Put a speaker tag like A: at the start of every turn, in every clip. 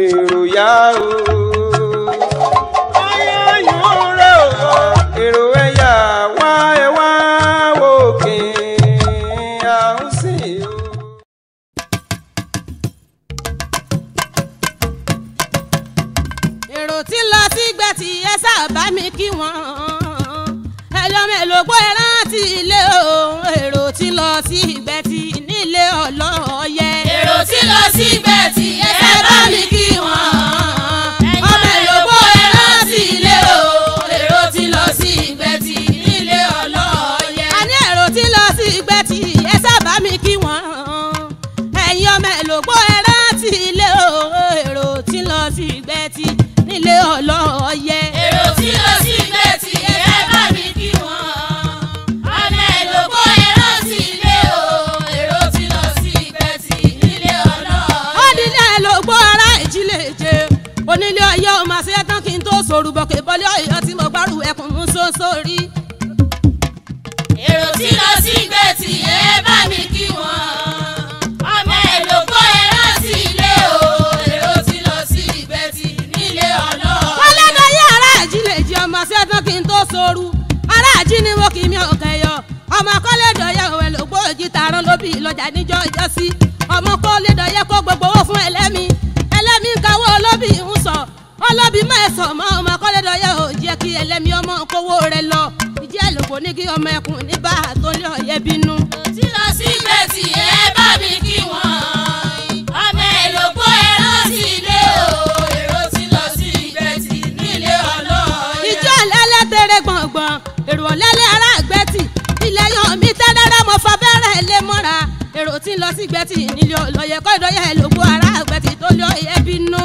A: èrò yá o. ayọ̀yún rẹ̀ o. èrò ẹ̀yà wá ẹ̀ wá òkè àrùn o. èrò tí lọ sí gbẹ̀tì ẹ sábà mi kí wọ́n ẹ o èrò tí lọ sí gbẹ̀tì nílé ọlọ́ọ̀yẹ. èrò tí lọ sí gbẹ̀tì ẹ. mà ṣe tán kí n tó sòrùbọ̀ kébọ́lé ọ̀yọ́ tí mo gbárù ẹkùn mú sóńsó rí. èrò tí lọ sí gbẹ̀tì ẹ bá mi kí wọn. ọmọ èlò kó ẹ rántí ilé o. èrò tí lọ sí gbẹ̀tì nílé ọlọ́ọ̀. kọ́lẹ́dọ̀ yé aráàjì lè jí ọmọ ṣe tán kí n tó sòrù. aráàjì ni mo kì í mi ọ̀kẹ́ yọ. ọmọ kọ́lẹ́dọ̀ yẹ lóbi ìlọjà níjọ́ ìjọ́sí. ọmọ kọ́lẹ́dọ̀ yẹ sọ mọ́ ọmọ kọ́lẹ́dọ̀yà ò jẹ́ kí ẹlẹ́mi ọmọ kówó rẹ lọ ìjẹ́ àlòkò ní kí ọmọ ẹkùn ní bá a tó lé ọ̀yẹ́ bínú. tí lọ sí gbèsè ẹ bá mi kí wọn o èrò tí lọ sí gbèsè nílé ọlọ́ọ̀yẹ. ìjọ àlẹ́lẹ́ tẹ̀rẹ̀ gbọ̀ngbọ̀n èrò ọ̀lẹ́lẹ́ ará àgbẹ̀tì ilẹ̀ yan mi tẹ́lẹ́rẹ́ mọ́ fa bẹ́rẹ̀ lé mọ́ra èrò tí lọ sí gbẹ̀tì nílé ọlọ́yẹ kọ́lẹ́dọ̀yà èlòpọ̀ ará àgbẹ̀tì tó lé ọ̀yẹ́ bínú.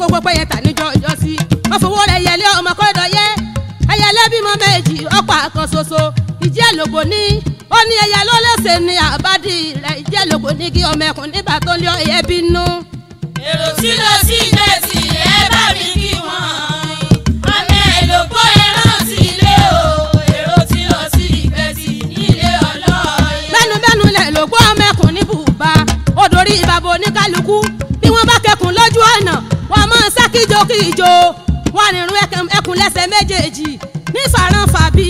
A: gbogbo pẹ́yẹ tà níjọ ọjọ́ sí wọ́n fowó rẹ̀ yẹlé ọmọ yẹ ẹyẹlé bímọ méjì ọ̀pá kan ṣoṣo ìjẹ́ lògbò ní ó ní ẹyẹ ló lẹ́sẹ̀ ní àbádì rẹ̀ ìjẹ́ lògbò ní kí ọmọ ẹkùn nígbà tó lé ọyẹ bínú. èrò sí lọ sí ìná. kíjokíjo wọn àrìnrún ẹkùn lẹ́sẹ̀ méjèèjì faran fàbí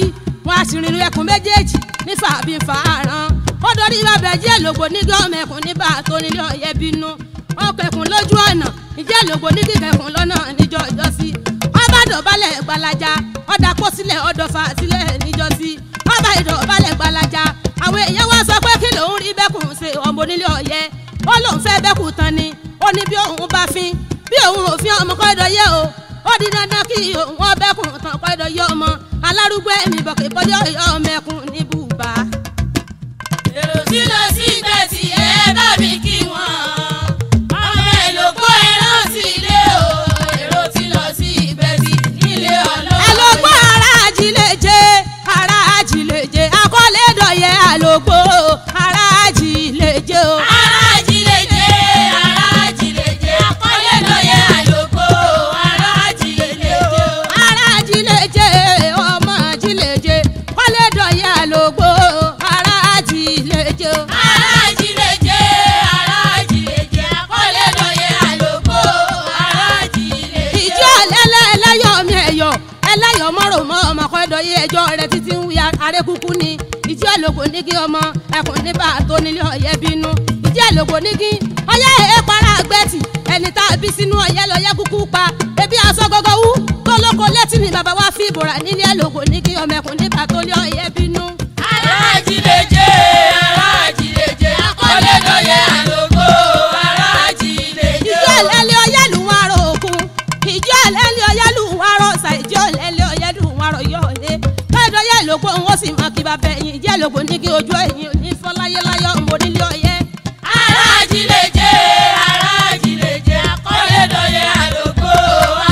A: wọn àṣìrìnrún ẹkùn méjèèjì nífàbí faran. ó dorí bàbá ẹjẹ lògbò ní gọ́ọ̀mù ẹkùn níbà tó nílé ọ̀yẹ́ bínú ọkọ̀ ẹkùn lójú ọ̀nà ìjẹ́ lògbò ní kíkẹ́ ẹkùn lọ́nà níjọ́ ìjọ́sí ọba dọ̀bálẹ̀ gbalaja ọ̀dà kó sílẹ̀ ọ̀dọ̀fà sílẹ̀ níjọ́sí ọba ìdọ̀bálẹ̀ gbalaja àwọn èèyàn wá sọ pé kí lòun rí bẹ́kùn ṣe ọmọ onílé ọ̀yẹ́ ó lóun fẹ́ bẹ́kùn tán ni ó ní bí òun bá fín bí òun ò fi ọmọ kọ́dọ̀ yẹ o ó di dandan kí òun ọbẹ̀ kùn tán kọ́dọ̀ yẹ ọmọ alárúgbó ẹ̀mí bọ̀kẹ́ bọ́jọ́ ìyá ọmọ ẹ̀kún mọ́rò mọ́ ọmọ kọ́ dọ̀yé ẹjọ́ rẹ̀ títí ń wuya arékùkù ni ìjì àlòkò nígi ọmọ ẹkùn níbà tó nílé ọ̀yẹ́ bínú ìjì àlòkò nígi ọyẹ́ èé para àgbẹ̀tì ẹni tá a bí sínú ọ̀yẹ́ lọ́yẹ́ kúkú pa ebi aṣọ gọ́gọ́ wú tó lóko létí ni bàbá wa fi ìbòrà nílé àlòkò nígi ọmọ ẹkùn níbà tó nílé ọ̀yẹ́ bínú. ti bá fẹ́ yín jẹ́ lóko ní kí ojú ẹ̀yìn òní fọ́ láyéláyọ̀ mo nílé ọyẹ́. aláàjì lè jẹ́ aláàjì lè jẹ́ akọ́lé dọ̀yẹ́ àlòkò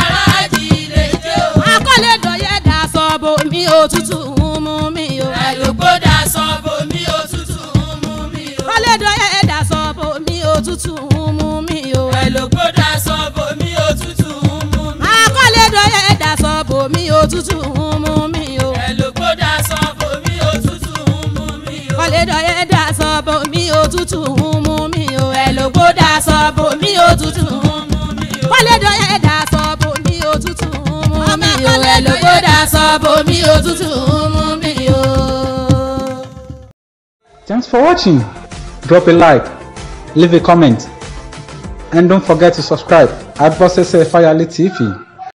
A: aláàjì lè jẹ́ o. akọ́lé dọ̀yẹ́ dà sọ bo mi tutu ń mú mi o. àlòkò dà sọ bo mi òtútù ń mú mi o. akọ́lé dọ̀yẹ́ dà sọ bo mi òtútù ń mú mi o. àlòkò dà sọ bo mi òtútù ń mú mi o. akọ́lé dọ̀yẹ́ dà sọ bo mi òtútù ń mú mi o. tútù ń mi o ẹ̀ ló sọ bò mí ó tútù ń mi o kọ́lé dọ́yẹ̀ dá sọ bò mí ó tútù ń mi o ẹ̀ ló sọ bò mí ó tútù ń mi o. Thanks for watching. Drop a like, leave a comment, and don't forget to subscribe at Bosses Fayale TV.